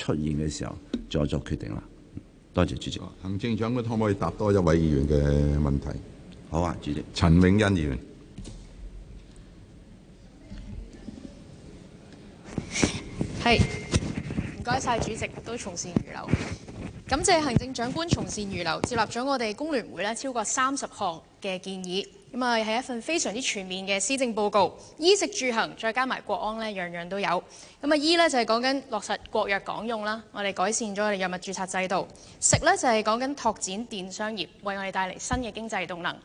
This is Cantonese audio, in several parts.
出現嘅時候再作決定啦。多謝主席。行政長官可唔可以答多一位議員嘅問題？好啊，主席。陳穎欣議員。係，唔該晒。主席都從善如流。感謝行政長官從善如流，接納咗我哋工聯會呢超過三十項嘅建議。咁啊，係一份非常之全面嘅施政報告，衣食住行再加埋國安咧，樣樣都有。咁啊，醫咧就係講緊落實國藥港用啦，我哋改善咗我哋藥物註冊制度；食咧就係講緊拓展電商業，為我哋帶嚟新嘅經濟動能。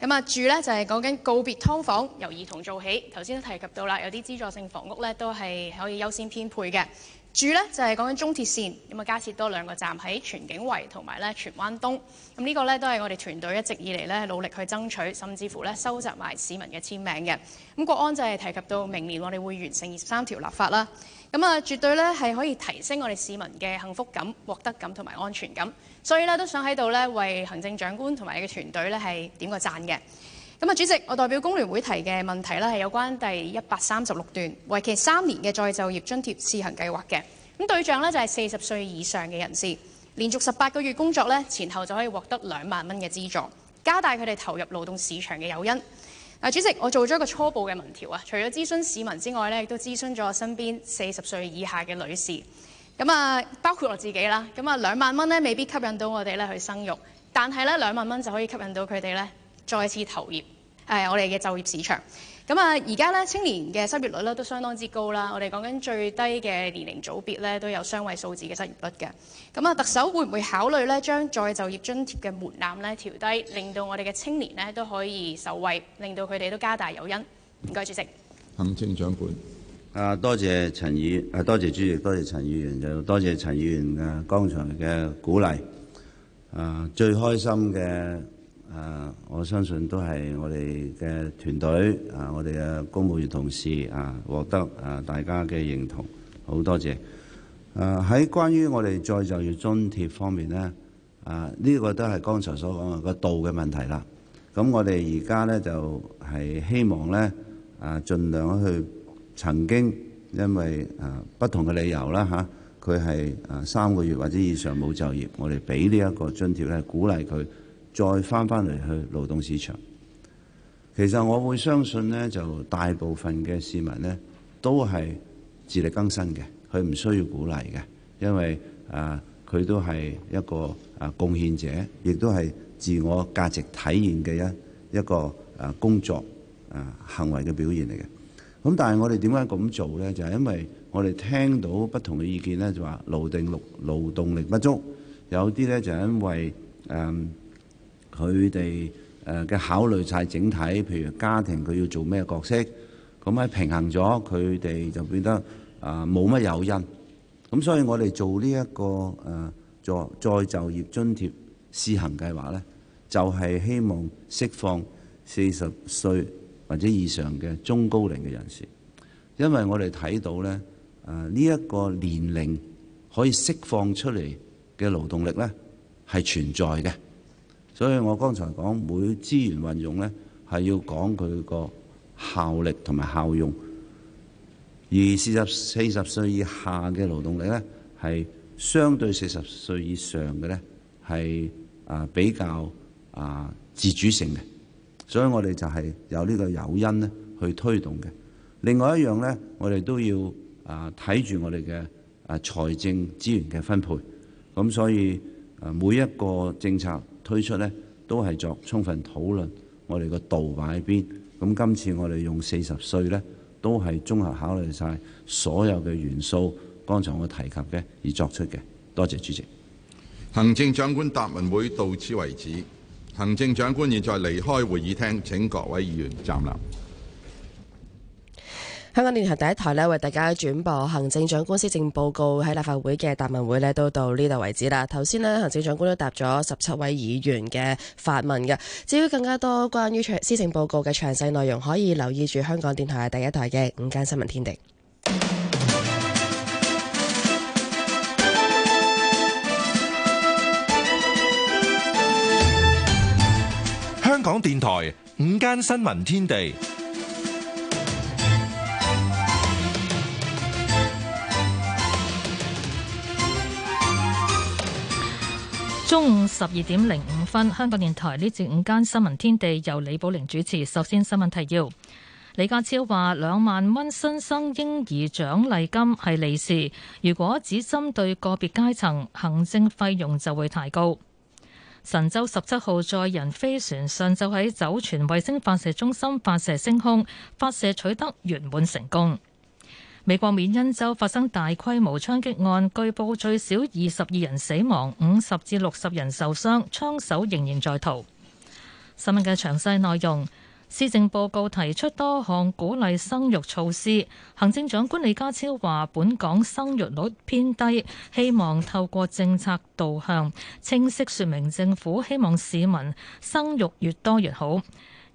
咁啊，住咧就係講緊告別劏房，由兒童做起。頭先都提及到啦，有啲資助性房屋咧都係可以優先編配嘅。住咧就係講緊中鐵線，咁啊，加設多兩個站喺荃景圍同埋咧荃灣東。咁、這、呢個咧都係我哋團隊一直以嚟咧努力去爭取，甚至乎咧收集埋市民嘅簽名嘅。咁國安就係提及到明年我哋會完成二十三條立法啦。咁啊，絕對咧係可以提升我哋市民嘅幸福感、獲得感同埋安全感。所以咧都想喺度咧為行政長官同埋你嘅團隊咧係點個讚嘅。咁啊，主席，我代表工聯會提嘅問題咧，係有關第一百三十六段，為期三年嘅再就業津貼試行計劃嘅。咁對象呢，就係四十歲以上嘅人士，連續十八個月工作呢，前後就可以獲得兩萬蚊嘅資助，加大佢哋投入勞動市場嘅誘因。啊，主席，我做咗一個初步嘅民調啊，除咗諮詢市民之外呢，亦都諮詢咗我身邊四十歲以下嘅女士。咁啊，包括我自己啦。咁啊，兩萬蚊呢，未必吸引到我哋咧去生育，但係呢兩萬蚊就可以吸引到佢哋呢。再次投業，誒、哎、我哋嘅就業市場，咁啊而家咧青年嘅失業率咧都相當之高啦。我哋講緊最低嘅年齡組別咧都有雙位數字嘅失業率嘅。咁啊特首會唔會考慮咧將再就業津貼嘅門檻咧調低，令到我哋嘅青年咧都可以受惠，令到佢哋都加大誘因？唔該，主席。行政長官，啊多謝陳宇，啊多謝主席，多謝陳議員，又多謝陳議員啊剛才嘅鼓勵，啊最開心嘅。啊，我相信都係我哋嘅團隊啊，我哋嘅公務員同事啊，獲得啊大家嘅認同，好多謝。啊，喺關於我哋再就業津貼方面呢，啊呢個都係剛才所講嘅個度嘅問題啦。咁我哋而家呢，就係希望呢啊，儘量去曾經因為啊不同嘅理由啦嚇，佢係啊三個月或者以上冇就業，我哋俾呢一個津貼咧，鼓勵佢。再翻翻嚟去勞動市場，其實我會相信呢，就大部分嘅市民呢，都係自力更生嘅，佢唔需要鼓勵嘅，因為啊，佢、呃、都係一個啊貢獻者，亦都係自我價值體現嘅一一個啊工作啊、呃、行為嘅表現嚟嘅。咁但係我哋點解咁做呢？就係、係、因為我哋聽到不同嘅意見呢，就話勞定勞勞動力不足，有啲呢，就因為誒。呃佢哋誒嘅考慮曬整體，譬如家庭佢要做咩角色，咁喺平衡咗，佢哋就變得啊冇乜誘因。咁所以我哋做呢一個誒就再就業津貼試行計劃呢，就係希望釋放四十歲或者以上嘅中高齡嘅人士，因為我哋睇到呢誒呢一個年齡可以釋放出嚟嘅勞動力呢係存在嘅。所以我剛才講每資源運用呢，係要講佢個效力同埋效用。而四十四十歲以下嘅勞動力呢，係相對四十歲以上嘅呢，係啊比較啊自主性嘅。所以我哋就係有呢個誘因呢去推動嘅。另外一樣呢，我哋都要啊睇住我哋嘅啊財政資源嘅分配。咁所以每一個政策。推出呢都係作充分討論，我哋個個度喺邊，咁今次我哋用四十歲呢都係綜合考慮晒所有嘅元素，剛才我提及嘅而作出嘅，多謝主席。行政長官答問會到此為止。行政長官現在離開會議廳，請各位議員站立。香港電台第一台咧，為大家轉播行政長官施政報告喺立法會嘅答問會咧，都到呢度為止啦。頭先咧，行政長官都答咗十七位議員嘅發問嘅。至於更加多關於長施政報告嘅詳細內容，可以留意住香港電台第一台嘅午間新聞天地。香港電台午間新聞天地。中午十二點零五分，香港電台呢節午間新聞天地由李寶玲主持。首先新聞提要：李家超話兩萬蚊新生嬰兒獎勵金係利是，如果只針對個別階層，行政費用就會太高。神舟十七號載人飛船上晝喺酒泉衛星發射中心發射升空，發射取得圓滿成功。美國緬因州發生大規模槍擊案，據報最少二十二人死亡，五十至六十人受傷，槍手仍然在逃。新聞嘅詳細內容，施政報告提出多項鼓勵生育措施。行政長官李家超話，本港生育率偏低，希望透過政策導向，清晰說明政府希望市民生育越多越好。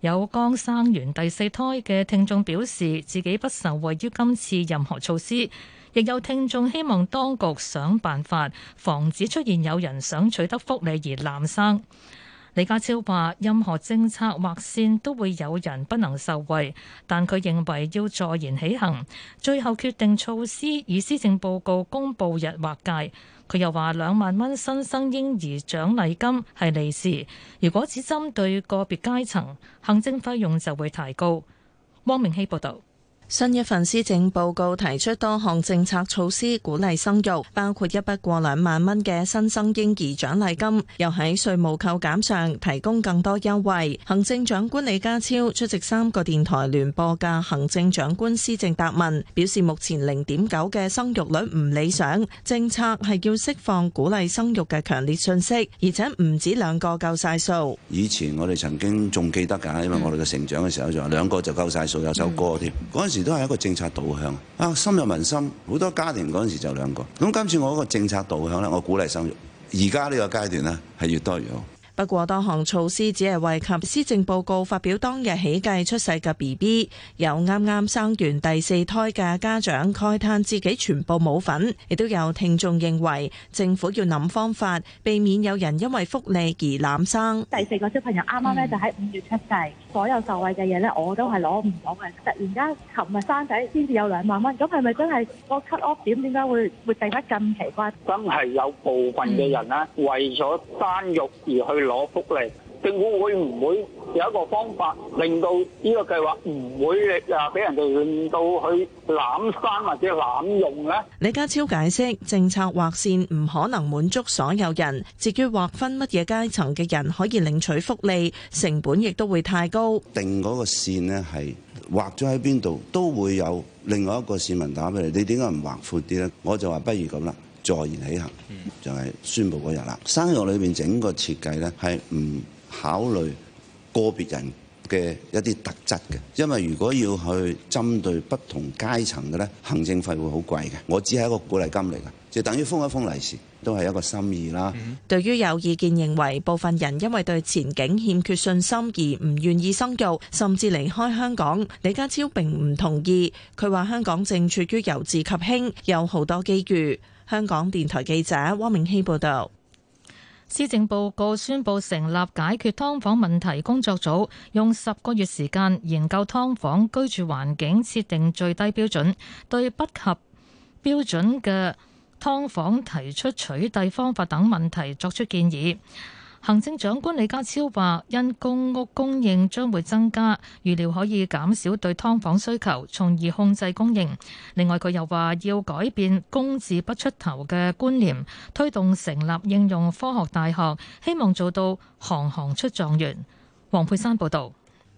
有剛生完第四胎嘅聽眾表示自己不受惠於今次任何措施，亦有聽眾希望當局想辦法防止出現有人想取得福利而濫生。李家超話，任何政策劃線都會有人不能受惠，但佢認為要坐言起行，最後決定措施以施政報告公布日劃界。佢又話：兩萬蚊新生嬰兒獎勵金係利是，如果只針對個別階層，行政費用就會提高。汪明希報導。新一份施政報告提出多項政策措施鼓勵生育，包括一筆過兩萬蚊嘅新生嬰兒獎勵金，又喺稅務扣減上提供更多優惠。行政長官李家超出席三個電台聯播嘅行政長官施政答問表示，目前零點九嘅生育率唔理想，政策係要釋放鼓勵生育嘅強烈信息，而且唔止兩個夠晒數，以前我哋曾經仲記得噶，因為我哋嘅成長嘅時候就話兩個就夠晒數有首歌添。Mm. 都係一個政策導向啊，深入民心。好多家庭嗰陣時就兩個，咁今次我個政策導向咧，我鼓勵生育。而家呢個階段咧，係越多越好。不過多項措施只係惠及施政報告發表當日起計出世嘅 BB，有啱啱生完第四胎嘅家長慨嘆自己全部冇份，亦都有聽眾認為政府要諗方法避免有人因為福利而攬生。第四個小朋友啱啱呢就喺五月出世，所有受惠嘅嘢呢我都係攞唔到嘅，突然間琴日生仔先至有兩萬蚊，咁係咪真係個 cut off 點？點解會會變得咁奇怪？真係有部分嘅人呢為咗生育而去。攞福利，政府會唔會有一個方法令到呢個計劃唔會啊俾人哋令到去濫生或者濫用咧？李家超解釋，政策劃線唔可能滿足所有人，至於劃分乜嘢階層嘅人可以領取福利，成本亦都會太高。定嗰個線咧係劃咗喺邊度，都會有另外一個市民打俾你，你點解唔劃闊啲咧？我就話不如咁啦。坐言起行就係宣布嗰日啦。生育裏邊整個設計咧係唔考慮個別人嘅一啲特質嘅，因為如果要去針對不同階層嘅咧，行政費會好貴嘅。我只係一個鼓勵金嚟嘅，就等於封一封利是，都係一個心意啦。對於有意見認為部分人因為對前景欠缺信心而唔願意生育，甚至離開香港，李家超並唔同意。佢話香港正處於由治及興，有好多機遇。香港電台記者汪明希報道，施政報告宣布成立解決劏房問題工作組，用十個月時間研究劏房居住環境，設定最低標準，對不合標準嘅劏房提出取締方法等問題作出建議。行政長官李家超話，因公屋供應將會增加，預料可以減少對劏房需求，從而控制供應。另外，佢又話要改變「工字不出頭」嘅觀念，推動成立應用科學大學，希望做到行行出狀元。黃佩珊報導。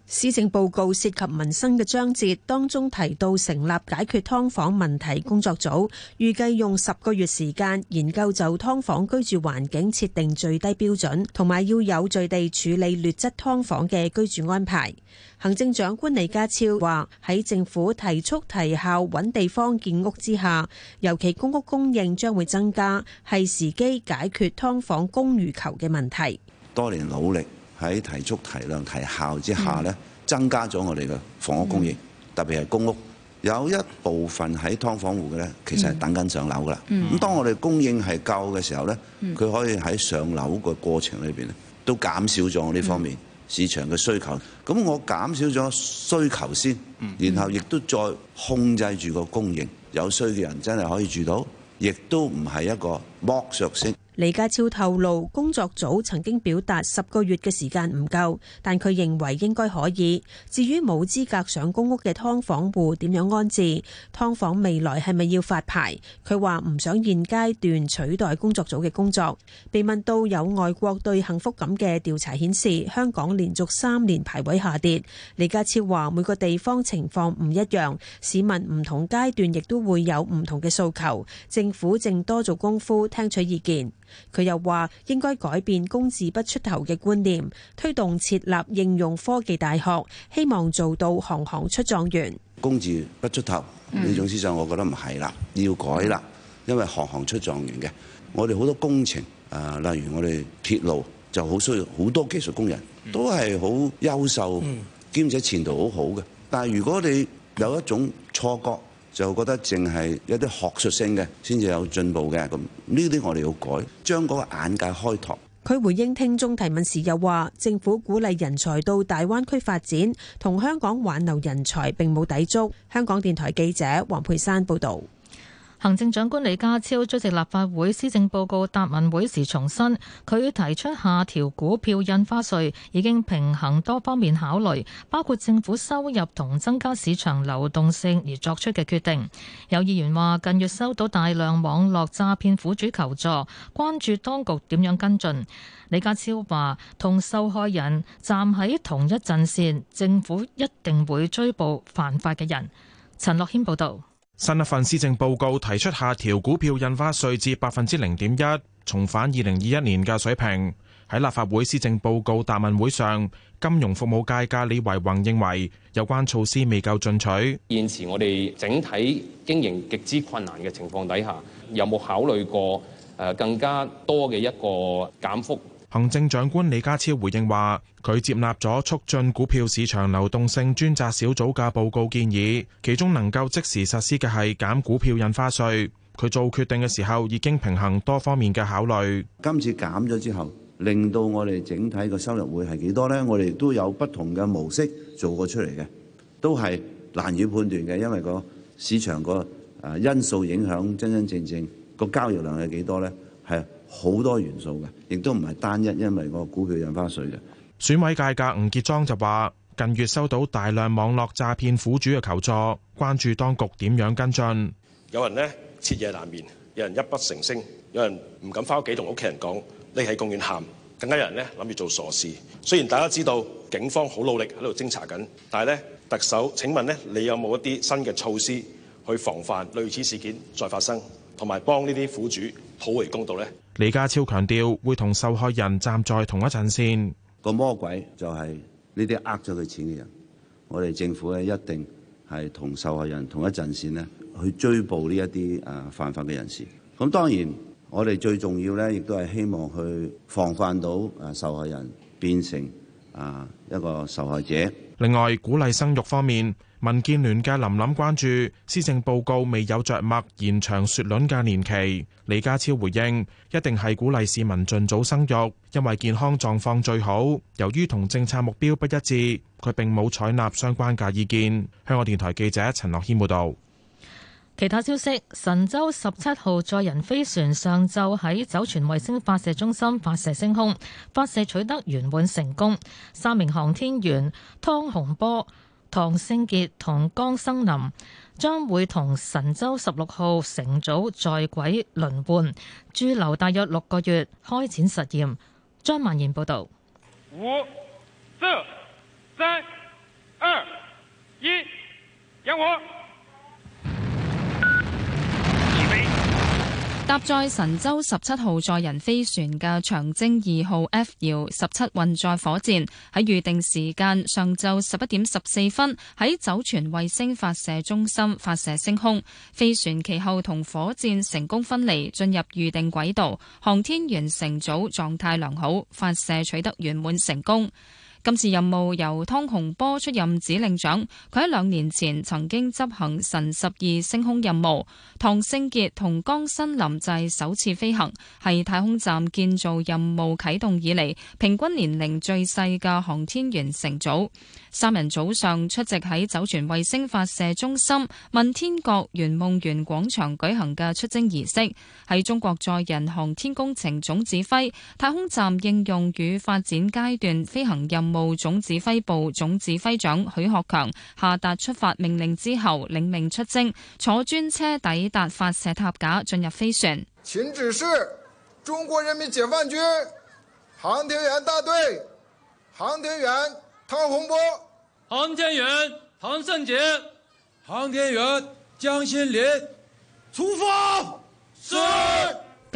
施政報告涉及民生嘅章節，當中提到成立解決劏房問題工作組，預計用十個月時間研究就劏房居住環境設定最低標準，同埋要有序地處理劣質劏房嘅居住安排。行政長官李家超話：喺政府提速提效揾地方建屋之下，尤其公屋供應將會增加，係時機解決劏房供與求嘅問題。多年努力。喺提速、提量、提效之下咧，增加咗我哋嘅房屋供應，嗯、特別係公屋。有一部分喺劏房戶嘅咧，其實係等緊上樓噶啦。咁、嗯、當我哋供應係夠嘅時候咧，佢、嗯、可以喺上樓嘅過程裏邊咧，都減少咗我呢方面市場嘅需求。咁我減少咗需求先，然後亦都再控制住個供應。有需嘅人真係可以住到，亦都唔係一個剝削性。李家超透露，工作組曾經表達十個月嘅時間唔夠，但佢認為應該可以。至於冇資格上公屋嘅劏房戶點樣安置，劏房未來係咪要發牌，佢話唔想現階段取代工作組嘅工作。被問到有外國對幸福感嘅調查顯示，香港連續三年排位下跌，李家超話每個地方情況唔一樣，市民唔同階段亦都會有唔同嘅訴求，政府正多做功夫聽取意見。佢又話：應該改變工字不出頭嘅觀念，推動設立應用科技大學，希望做到行行出狀元。工字不出頭呢種思想，嗯、我覺得唔係啦，要改啦。嗯、因為行行出狀元嘅，我哋好多工程，誒、啊，例如我哋鐵路就好需要好多技術工人，都係好優秀，兼、嗯、且前途好好嘅。但係如果你有一種錯覺，就覺得淨係一啲學術性嘅先至有進步嘅咁，呢啲我哋要改，將嗰個眼界開拓。佢回應聽眾提問時又話：政府鼓勵人才到大灣區發展，同香港挽留人才並冇抵觸。香港電台記者黃佩珊報道。行政長官李家超出席立法會施政報告答問會時重申，佢提出下調股票印花稅已經平衡多方面考慮，包括政府收入同增加市場流動性而作出嘅決定。有議員話，近月收到大量網絡詐騙苦主求助，關注當局點樣跟進。李家超話，同受害人站喺同一陣線，政府一定會追捕犯法嘅人。陳樂軒報導。新一份施政報告提出下調股票印花稅至百分之零點一，重返二零二一年嘅水平。喺立法會施政報告答問會上，金融服務界嘅李維宏認為有關措施未夠進取。現時我哋整體經營極之困難嘅情況底下，有冇考慮過誒更加多嘅一個減幅？行政長官李家超回應話，佢接納咗促進股票市場流動性專責小組嘅報告建議，其中能夠即時實施嘅係減股票印花稅。佢做決定嘅時候已經平衡多方面嘅考慮。今次減咗之後，令到我哋整體嘅收入會係幾多呢？我哋都有不同嘅模式做過出嚟嘅，都係難以判斷嘅，因為個市場個啊因素影響真真正正個交易量係幾多呢？係。好多元素嘅，亦都唔係單一，因為個股票印花稅嘅。選委界嘅吳傑莊就話，近月收到大量網絡詐騙苦主嘅求助，關注當局點樣跟進，有人咧徹夜難眠，有人泣不成聲，有人唔敢翻屋企同屋企人講，匿喺公園喊，更加有人咧諗住做傻事。雖然大家知道警方好努力喺度偵查緊，但係咧特首，請問咧你有冇一啲新嘅措施去防範類似事件再發生？同埋幫呢啲苦主討回公道呢。李家超強調會同受害人站在同一陣線。個魔鬼就係呢啲呃咗佢錢嘅人。我哋政府咧一定係同受害人同一陣線呢，去追捕呢一啲誒犯法嘅人士。咁當然我哋最重要呢，亦都係希望去防範到誒受害人變成啊一個受害者。另外，鼓勵生育方面。民建聯嘅林林關注施政報告未有着墨延長雪卵嘅年期。李家超回應：一定係鼓勵市民盡早生育，因為健康狀況最好。由於同政策目標不一致，佢並冇採納相關嘅意見。香港電台記者陳樂謙報道。其他消息：神舟十七號載人飛船上晝喺酒泉衛星發射中心發射升空，發射取得圓滿成功。三名航天員湯洪波。唐勝杰同江生林將會同神舟十六號乘組在軌輪換，駐留大約六個月，開展實驗。張萬賢報導。五、四、三、二、一，點搭載神舟十七號載人飛船嘅長征二號 F 遙十七運載火箭，喺預定時間上晝十一點十四分喺酒泉衛星發射中心發射升空。飛船其後同火箭成功分離，進入預定軌道。航天員乘組狀態良好，發射取得圓滿成功。今次任務由湯洪波出任指令長，佢喺兩年前曾經執行神十二升空任務。唐勝杰同江新林濟首次飛行，係太空站建造任務啟動以嚟平均年齡最細嘅航天員乘組。三人早上出席喺酒泉衛星發射中心問天閣圓夢園廣場舉行嘅出征儀式，喺中國載人航天工程總指揮、太空站應用與發展階段飛行任務總指揮部總指揮，總指揮長許學強下達出發命令之後，領命出征，坐專車抵達發射塔架，進入飛船。請指示中國人民解放軍航天員大隊航天員。湯洪波，航天員；唐勝傑，航天員；江新林，出發！是。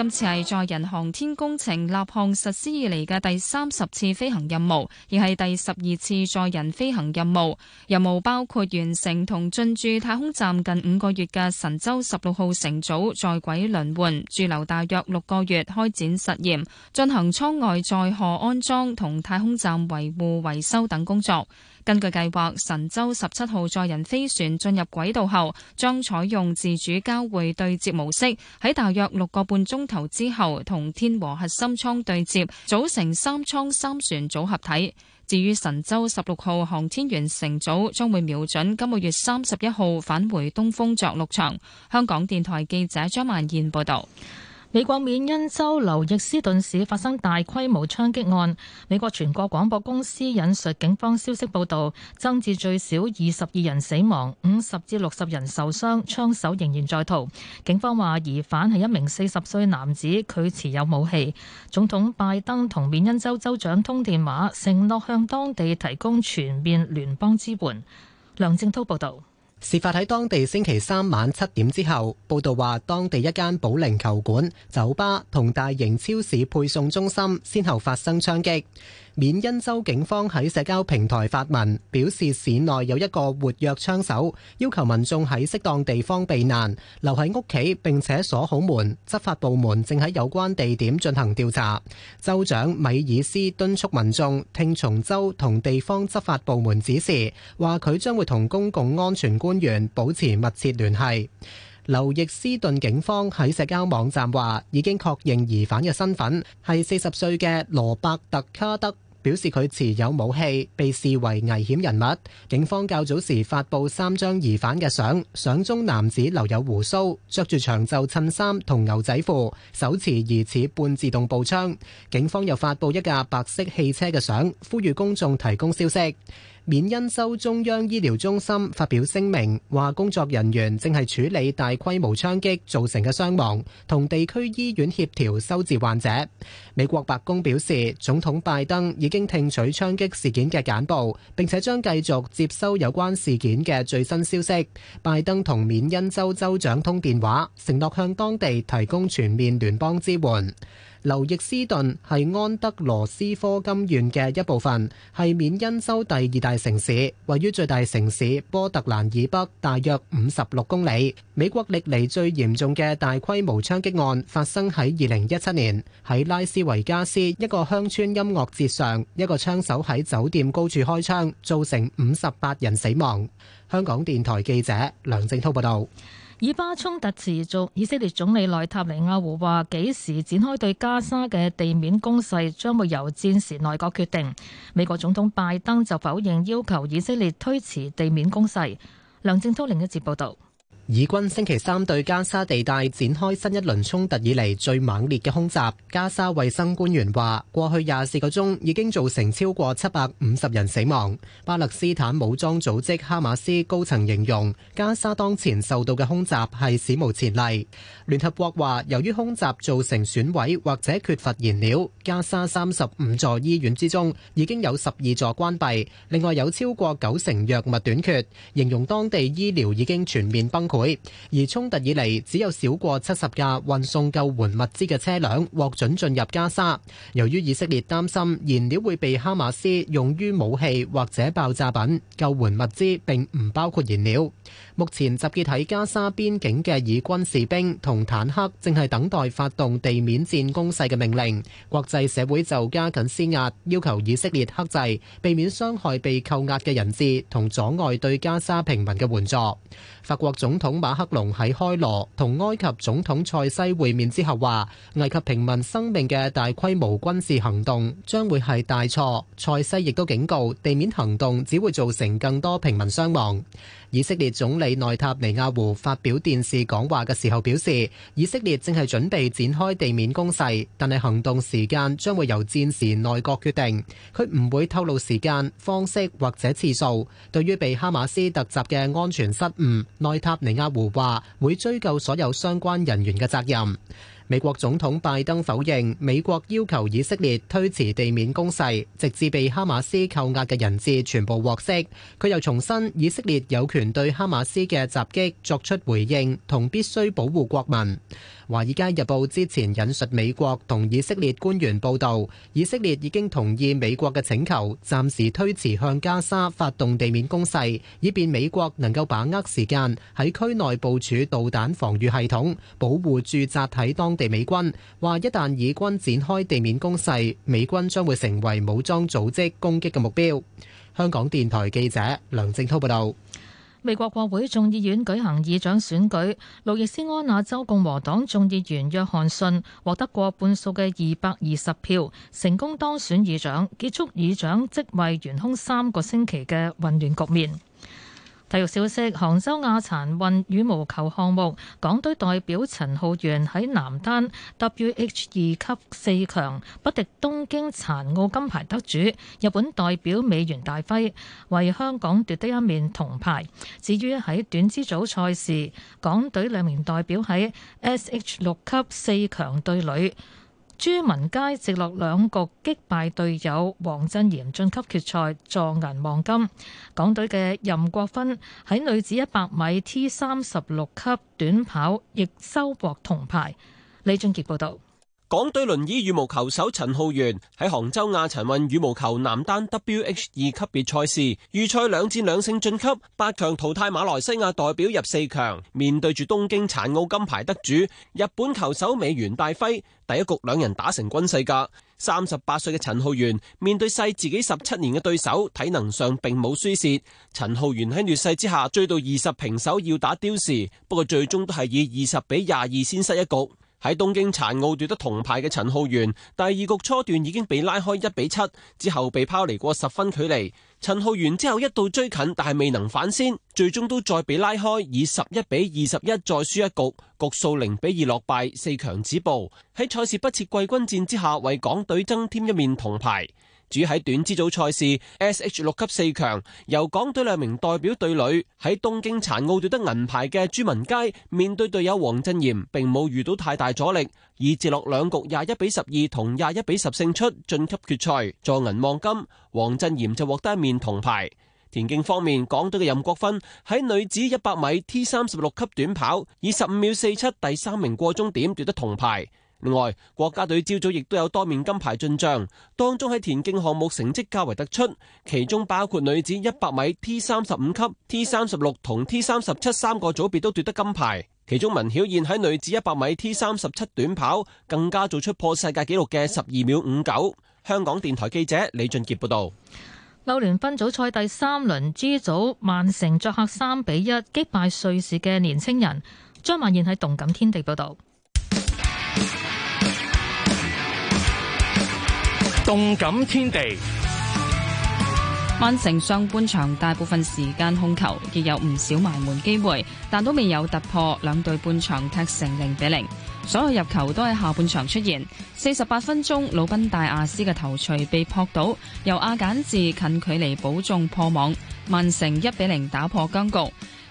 今次係載人航天工程立項實施以嚟嘅第三十次飛行任務，亦係第十二次載人飛行任務。任務包括完成同進駐太空站近五個月嘅神舟十六號乘組在軌輪換，駐留大約六個月開展實驗，進行艙外載荷安裝同太空站維護維修等工作。根據計劃，神舟十七號載人飛船進入軌道後，將採用自主交會對接模式，喺大約六個半鐘頭之後同天和核心艙對接，組成三艙三船組合體。至於神舟十六號航天員乘組將會瞄準今個月三十一號返回東風着陸場。香港電台記者張萬燕報道。美國緬因州劉易斯頓市發生大規模槍擊案，美國全國廣播公司引述警方消息報道，增至最少二十二人死亡，五十至六十人受傷，槍手仍然在逃。警方話疑犯係一名四十歲男子，佢持有武器。總統拜登同緬因州州長通電話，承諾向當地提供全面聯邦支援。梁正濤報道。事發喺當地星期三晚七點之後，報道話當地一間保齡球館、酒吧同大型超市配送中心先後發生槍擊。緬因州警方喺社交平台發文，表示市內有一個活躍槍手，要求民眾喺適當地方避難，留喺屋企並且鎖好門。執法部門正喺有關地點進行調查。州長米爾斯敦促民眾聽從州同地方執法部門指示，話佢將會同公共安全官員保持密切聯繫。劉易斯頓警方喺社交網站話，已經確認疑犯嘅身份係四十歲嘅羅伯特卡德。表示佢持有武器，被視為危險人物。警方較早時發佈三張疑犯嘅相，相中男子留有鬍鬚，着住長袖襯衫同牛仔褲，手持疑似半自動步槍，警方又發佈一架白色汽車嘅相，呼籲公眾提供消息。緬因州中央醫療中心發表聲明，話工作人員正係處理大規模槍擊造成嘅傷亡，同地區醫院協調收治患者。美國白宮表示，總統拜登已經聽取槍擊事件嘅簡報，並且將繼續接收有關事件嘅最新消息。拜登同緬因州州長通電話，承諾向當地提供全面聯邦支援。劉易斯頓係安德羅斯科金縣嘅一部分，係緬因州第二大城市，位於最大城市波特蘭以北大約五十六公里。美國歷嚟最嚴重嘅大規模槍擊案發生喺二零一七年，喺拉斯維加斯一個鄉村音樂節上，一個槍手喺酒店高處開槍，造成五十八人死亡。香港電台記者梁正滔報導。以巴衝突持續，以色列總理內塔尼亞胡話幾時展開對加沙嘅地面攻勢，將會由戰時內閣決定。美國總統拜登就否認要求以色列推遲地面攻勢。梁正濤另一節報導。以軍星期三對加沙地帶展開新一輪衝突以來最猛烈嘅空襲，加沙衛生官員話過去而衝突以嚟，只有少過七十架運送救援物資嘅車輛獲准進入加沙。由於以色列擔心燃料會被哈馬斯用於武器或者爆炸品，救援物資並唔包括燃料。目前集結喺加沙邊境嘅以軍士兵同坦克正係等待發動地面戰攻勢嘅命令，國際社會就加緊施壓，要求以色列克制，避免傷害被扣押嘅人質同阻礙對加沙平民嘅援助。法國總統馬克龍喺開羅同埃及總統塞西會面之後話，危及平民生命嘅大規模軍事行動將會係大錯，塞西亦都警告地面行動只會造成更多平民傷亡。以色列總理內塔尼亞胡發表電視講話嘅時候表示，以色列正係準備展開地面攻勢，但係行動時間將會由戰時內閣決定。佢唔會透露時間、方式或者次數。對於被哈馬斯突襲嘅安全失誤，內塔尼亞胡話會追究所有相關人員嘅責任。美國總統拜登否認美國要求以色列推遲地面攻勢，直至被哈馬斯扣押嘅人質全部獲釋。佢又重申以色列有權對哈馬斯嘅襲擊作出回應，同必須保護國民。《華爾街日報》之前引述美國同以色列官員報道，以色列已經同意美國嘅請求，暫時推遲向加沙發動地面攻勢，以便美國能夠把握時間喺區內部署導彈防禦系統，保護駐紮喺當地美軍。話一旦以軍展開地面攻勢，美軍將會成為武裝組織攻擊嘅目標。香港電台記者梁正滔報道。美國國會眾議院舉行議長選舉，路易斯安那州共和黨眾議員約翰遜獲得過半數嘅二百二十票，成功當選議長，結束議長職位懸空三個星期嘅混亂局面。體育消息：杭州亞殘運羽毛球項目，港隊代表陳浩源喺男單 W H 二級四強不敵東京殘奧金牌得主日本代表梶原大暉，為香港奪得一面銅牌。至於喺短肢組賽事，港隊兩名代表喺 S H 六級四強對壘。朱文佳直落兩局擊敗隊友王振嚴晉級決賽，助銀望金。港隊嘅任國芬喺女子一百米 T 三十六級短跑亦收穫銅牌。李俊傑報導。港隊輪椅羽毛球手陳浩源喺杭州亞殘運羽毛球男單 WH 二級別賽事預賽兩戰兩勝晉級八強淘汰馬來西亞代表入四強，面對住東京殘奧金牌得主日本球手梶原大輝，第一局兩人打成均勢架。三十八歲嘅陳浩源面對細自己十七年嘅對手，體能上並冇輸蝕。陳浩源喺劣勢之下追到二十平手要打刁時，不過最終都係以二十比廿二先失一局。喺東京殘奧奪得銅牌嘅陳浩源，第二局初段已經被拉開一比七，之後被拋離過十分距離。陳浩源之後一度追近，但係未能反先，最終都再被拉開，以十一比二十一再輸一局，局數零比二落敗，四強止步。喺賽事不設季軍戰之下，為港隊增添一面銅牌。主喺短肢組賽事 S.H. 六級四強，由港隊兩名代表隊女喺東京殘奧奪得銀牌嘅朱文佳，面對隊友王振賢，並冇遇到太大阻力，以直落兩局廿一比十二同廿一比十勝出晉級決賽，助銀望金。王振賢就獲得一面銅牌。田徑方面，港隊嘅任國芬喺女子一百米 T 三十六級短跑以十五秒四七第三名過終點奪得銅牌。另外，國家隊朝早亦都有多面金牌進帳，當中喺田徑項目成績較為突出，其中包括女子一百米 T 三十五級、T 三十六同 T 三十七三個組別都奪得金牌。其中文曉燕喺女子一百米 T 三十七短跑更加做出破世界紀錄嘅十二秒五九。香港電台記者李俊傑報道。歐聯分組賽第三輪 G 組，曼城作客三比一擊敗瑞士嘅年輕人。張曼燕喺動感天地報道。動感天地，曼城上半場大部分時間控球，亦有唔少埋門機會，但都未有突破。兩隊半場踢成零比零，所有入球都喺下半場出現。四十八分鐘，魯賓大亞斯嘅頭槌被撲倒，由阿簡治近距離補中破網，曼城一比零打破僵局。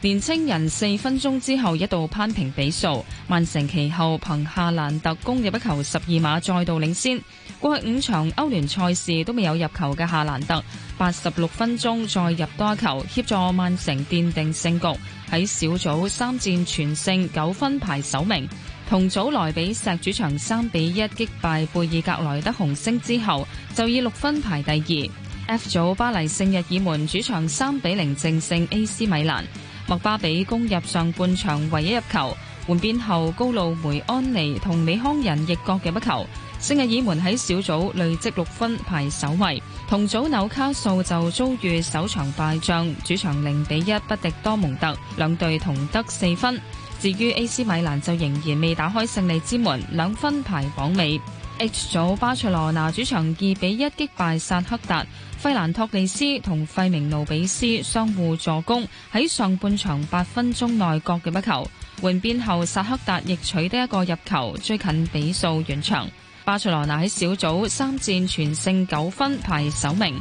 年青人四分鐘之後一度攀平比數，曼城其後憑夏蘭特攻入一球，十二碼再度領先。過去五場歐聯賽事都未有入球嘅夏蘭特，八十六分鐘再入多球協助曼城奠定勝局。喺小組三戰全勝，九分排首名。同組萊比錫主場三比一擊敗貝爾格萊德紅星之後，就以六分排第二。F 組巴黎聖日耳門，主場三比零正勝 AC 米蘭。莫巴比攻入上半場唯一入球，換邊後高路梅安尼同美康人亦各入一球。聖日耳門喺小組累積六分排首位，同組紐卡素就遭遇首場敗仗，主場零比一不敵多蒙特，兩隊同得四分。至於 A.C. 米蘭就仍然未打開勝利之門，兩分排榜尾。H 組巴塞羅那主場二比一擊敗薩克達。費蘭托利斯同費明路比斯相互助攻，喺上半場八分鐘內各入一球。換邊後，薩克達亦取得一個入球，追近比數完場。巴塞羅那喺小組三戰全勝九分，排首名。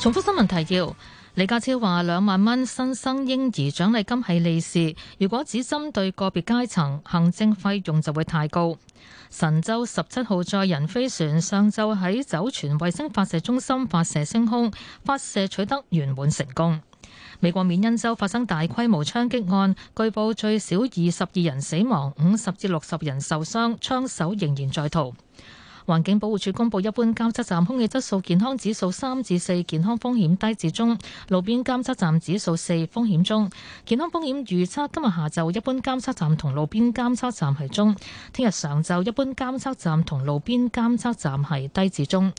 重複新聞提要。李家超話：兩萬蚊新生嬰兒獎勵金係利是，如果只針對個別階層，行政費用就會太高。神舟十七號載人飛船上晝喺酒泉衛星發射中心發射升空，發射取得圓滿成功。美國緬因州發生大規模槍擊案，據報最少二十二人死亡，五十至六十人受傷，槍手仍然在逃。環境保護署公布，一般監測站空氣質素健康指數三至四，健康風險低至中；路邊監測站指數四，風險中。健康風險預測今日下晝一般監測站同路邊監測站係中，聽日上晝一般監測站同路邊監測站係低至中。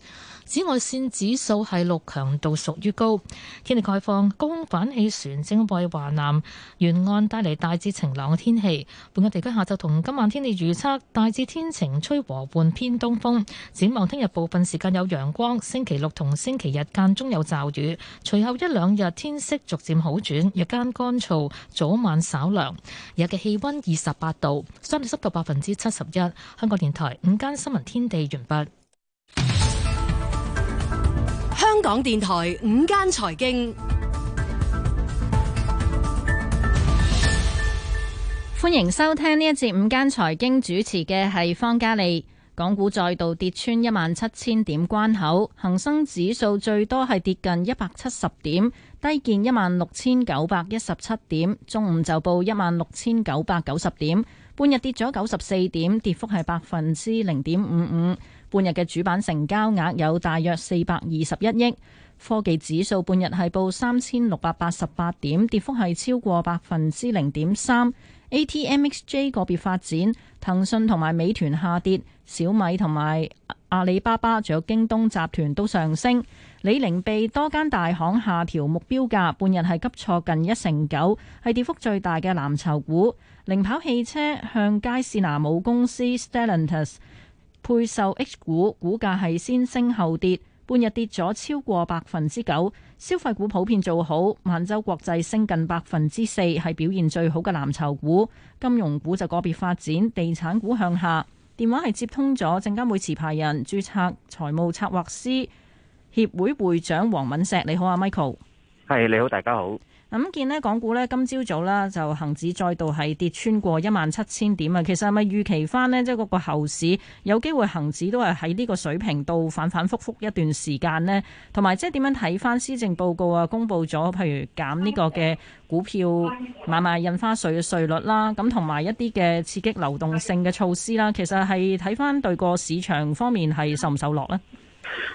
紫外線指數係六，強度屬於高。天氣概況，高空反氣旋正為華南沿岸帶嚟大致晴朗嘅天氣。本個地區下晝同今晚天氣預測大致天晴，吹和緩偏東風。展望聽日部分時間有陽光，星期六同星期日間中有驟雨。隨後一兩日天色逐漸好轉，日間乾燥，早晚稍涼。日嘅氣温二十八度，相對濕度百分之七十一。香港電台午間新聞天地完畢。香港電台午間財經，歡迎收聽呢一節午間財經，主持嘅係方嘉利。港股再度跌穿一萬七千點關口，恒生指數最多係跌近一百七十點，低見一萬六千九百一十七點，中午就報一萬六千九百九十點，半日跌咗九十四點，跌幅係百分之零點五五。半日嘅主板成交額有大約四百二十一億。科技指數半日係報三千六百八十八點，跌幅係超過百分之零點三。A.T.M.X.J 個別發展，騰訊同埋美團下跌，小米同埋阿里巴巴，仲有京東集團都上升。李寧被多間大行下調目標價，半日係急挫近一成九，係跌幅最大嘅藍籌股。零跑汽車向佳士拿母公司 Stellantis。配售 H 股股價係先升後跌，半日跌咗超過百分之九。消費股普遍做好，萬洲國際升近百分之四，係表現最好嘅藍籌股。金融股就個別發展，地產股向下。電話係接通咗證監會持牌人注冊財務策劃師協會會長黃敏石，你好啊，Michael。係你好，大家好。咁見呢港股呢，今朝早啦，就恆指再度係跌穿過一萬七千點啊！其實係咪預期翻呢？即係嗰個後市有機會恆指都係喺呢個水平度反反覆覆一段時間呢？同埋即係點樣睇翻施政報告啊？公布咗譬如減呢個嘅股票買賣印花稅嘅稅率啦，咁同埋一啲嘅刺激流動性嘅措施啦，其實係睇翻對個市場方面係受唔受落呢？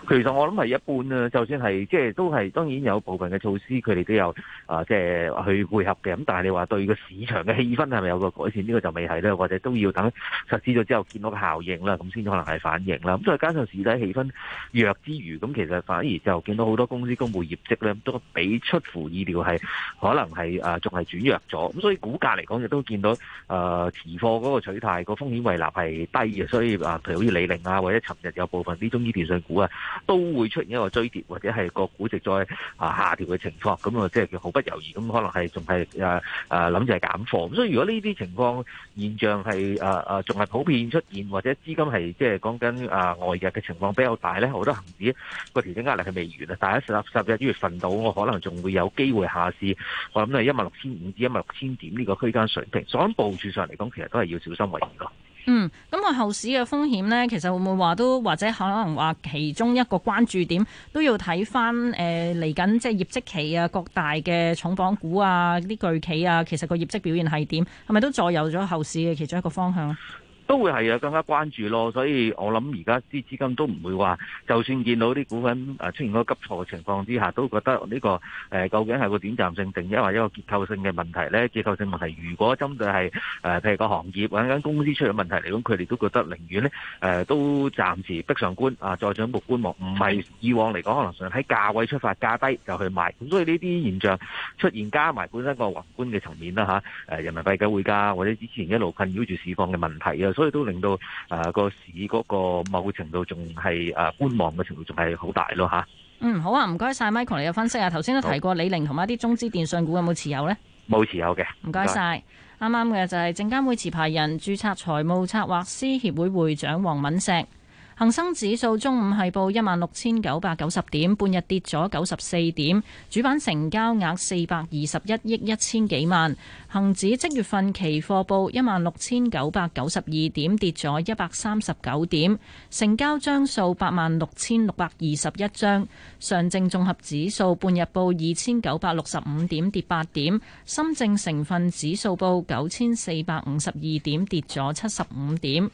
其實我諗係一半啦，就算係即係都係，當然有部分嘅措施，佢哋都有啊、呃，即係去配合嘅。咁但係你話對個市場嘅氣氛係咪有個改善？呢、這個就未係啦，或者都要等實施咗之後見到個效應啦，咁先可能係反應啦。咁再加上市底氣氛弱之餘，咁其實反而就見到好多公司公布業績咧，都比出乎意料係可能係啊，仲係轉弱咗。咁所以股價嚟講亦都見到啊，持貨嗰個取態個風險位立係低嘅，所以啊，譬、呃、如好似李寧啊，或者尋日有部分啲中資電信股。都會出現一個追跌或者係個估值再啊下調嘅情況，咁啊即係叫毫不猶豫，咁可能係仲係誒誒諗住係減貨。咁所以如果呢啲情況現象係誒誒仲係普遍出現，或者資金係即係講緊誒外日嘅情況比較大咧，好多恒指個調整壓力係未完啊。但係十十日一月份到，我可能仲會有機會下市。我諗係一萬六千五至一萬六千點呢個區間水平。所以部署上嚟講，其實都係要小心為宜咯。嗯，咁個後市嘅風險呢，其實會唔會話都或者可能話其中一個關注點都要睇翻，誒嚟緊即係業績期啊，各大嘅重磅股啊，啲巨企啊，其實個業績表現係點，係咪都左右咗後市嘅其中一個方向？都會係啊，更加關注咯，所以我諗而家啲資金都唔會話，就算見到啲股份啊出現嗰個急挫嘅情況之下，都覺得呢個誒究竟係個短暫性定抑或者一個結構性嘅問題呢？結構性問題如果針對係誒譬如個行業或者間公司出咗問題嚟講，咁佢哋都覺得寧願呢誒都暫時逼上觀，啊，再進一步觀望，唔係以往嚟講可能想喺價位出發，價低就去買。咁所以呢啲現象出現，加埋本身個宏觀嘅層面啦嚇，誒、啊、人民幣嘅匯價或者之前一路困擾住市況嘅問題啊。所以都令到啊個、呃、市嗰個某程度仲係啊觀望嘅程度仲係好大咯吓。嗯，好啊，唔該晒，Michael 你嘅分析啊，頭先都提過李寧同埋一啲中資電信股有冇持有呢？冇持有嘅。唔該晒。啱啱嘅就係證監會持牌人註冊財務策劃師協會會，會長黃敏石。恒生指數中午係報一萬六千九百九十點，半日跌咗九十四點，主板成交額四百二十一億一千幾萬。恒指即月份期貨報一萬六千九百九十二點，跌咗一百三十九點，成交張數八萬六千六百二十一張。上證綜合指數半日報二千九百六十五點，跌八點。深證成分指數報九千四百五十二點，跌咗七十五點。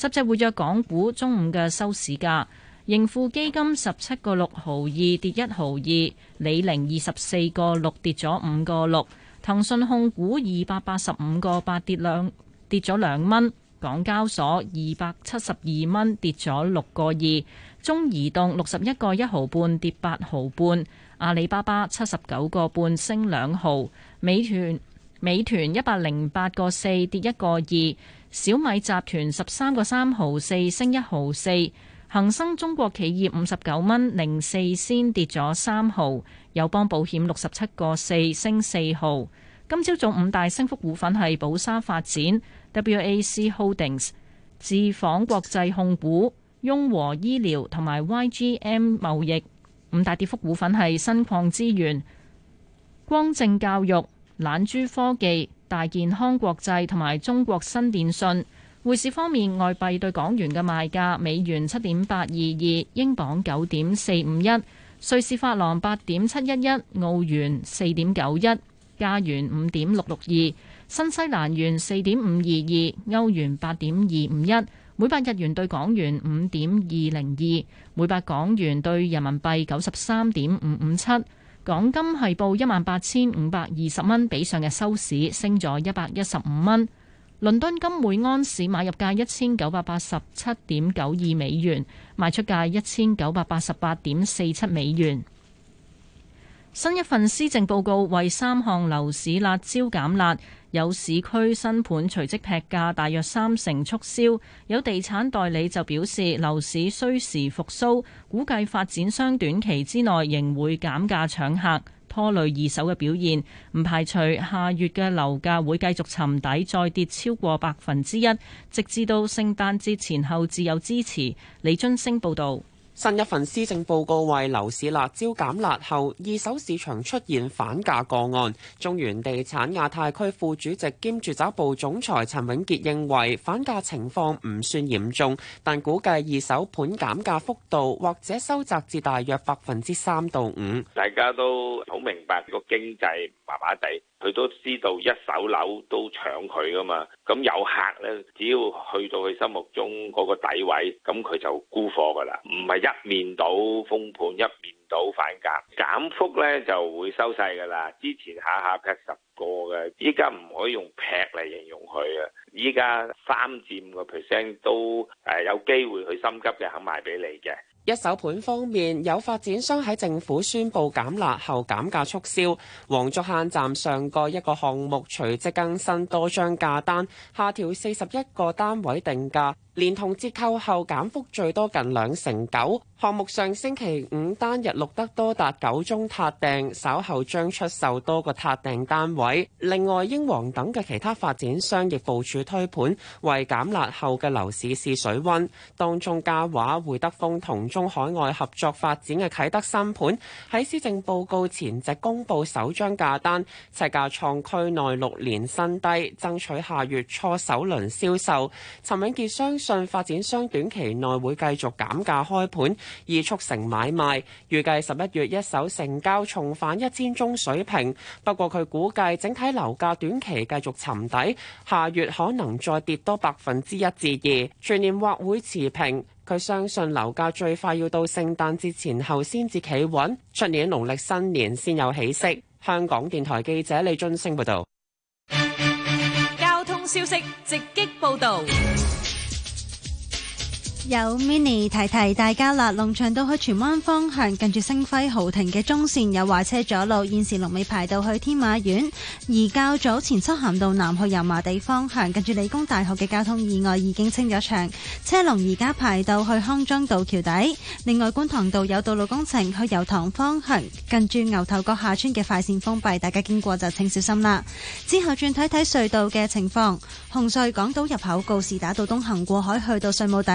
十隻活躍港股中午嘅收市價，盈富基金十七個六毫二跌一毫二，李寧二十四個六跌咗五個六，騰訊控股二百八十五個八跌兩跌咗兩蚊，港交所二百七十二蚊跌咗六個二，中移動六十一個一毫半跌八毫半，阿里巴巴七十九個半升兩毫，美團。美團一百零八個四跌一個二，小米集團十三個三毫四升一毫四，恒生中國企業五十九蚊零四先跌咗三毫，友邦保險六十七個四升四毫。今朝早五大升幅股份係寶沙發展、W A C Holdings、智訪國際控股、雍和醫療同埋 Y G M 貿易。五大跌幅股份係新礦資源、光正教育、懶豬科技、大健康國際同埋中國新電訊。匯市方面，外幣對港元嘅賣價：美元七點八二二，英鎊九點四五一，瑞士法郎八點七一一，澳元四點九一，加元五點六六二，新西蘭元四點五二二，歐元八點二五一，每百日元對港元五點二零二，每百港元對人民幣九十三點五五七。港金係報一萬八千五百二十蚊，比上日收市升咗一百一十五蚊。倫敦金每安士買入價一千九百八十七點九二美元，賣出價一千九百八十八點四七美元。新一份施政報告為三項樓市辣招減辣。有市區新盤隨即劈價，大約三成促銷。有地產代理就表示樓市需時復甦，估計發展商短期之內仍會減價搶客，拖累二手嘅表現。唔排除下月嘅樓價會繼續沉底再跌超過百分之一，直至到聖誕節前後自有支持。李津升報導。新一份施政報告為樓市辣招減辣後，二手市場出現反價個案。中原地產亞太區副主席兼住宅部總裁陳永傑認為，反價情況唔算嚴重，但估計二手盤減價幅度或者收窄至大約百分之三到五。大家都好明白個經濟麻麻地。佢都知道一手樓都搶佢噶嘛，咁有客咧，只要去到佢心目中嗰個底位，咁佢就沽貨噶啦，唔係一面倒封盤，一面倒反價，減幅咧就會收細噶啦。之前下下劈十個嘅，依家唔可以用劈嚟形容佢啊。依家三至五個 percent 都誒有機會佢心急嘅肯賣俾你嘅。一手盤方面，有發展商喺政府宣布減辣後減價促銷。黃竹坑站上個一個項目隨即更新多張價單，下調四十一個單位定價。連同折扣後減幅最多近兩成九，項目上星期五單日錄得多達九宗撻訂，稍後將出售多個撻訂單位。另外，英皇等嘅其他發展商亦部署推盤，為減辣後嘅樓市試水溫。當中嘉華匯德豐同中海外合作發展嘅啟德新盤喺施政報告前夕公布首張價單，尺價創區內六年新低，爭取下月初首輪銷售。陳永傑相信。信發展商短期內會繼續減價開盤，而促成買賣。預計十一月一手成交重返一千宗水平，不過佢估計整體樓價短期繼續沉底，下月可能再跌多百分之一至二，全年或會持平。佢相信樓價最快要到聖誕節前後先至企穩，出年農曆新年先有起色。香港電台記者李津星報道。交通消息直擊報導。有 mini 提提大家啦。龍翔道去荃灣方向，近住星輝豪庭嘅中線有壞車阻路，現時龍尾排到去天馬苑。而較早前出行道南去油麻地方向，近住理工大學嘅交通意外已經清咗場，車龍而家排到去康莊道橋底。另外，觀塘道有道路工程去油塘方向，近住牛頭角下村嘅快線封閉，大家經過就請小心啦。之後轉睇睇隧道嘅情況，紅隧港島入口告士打道東行過海去到稅務大。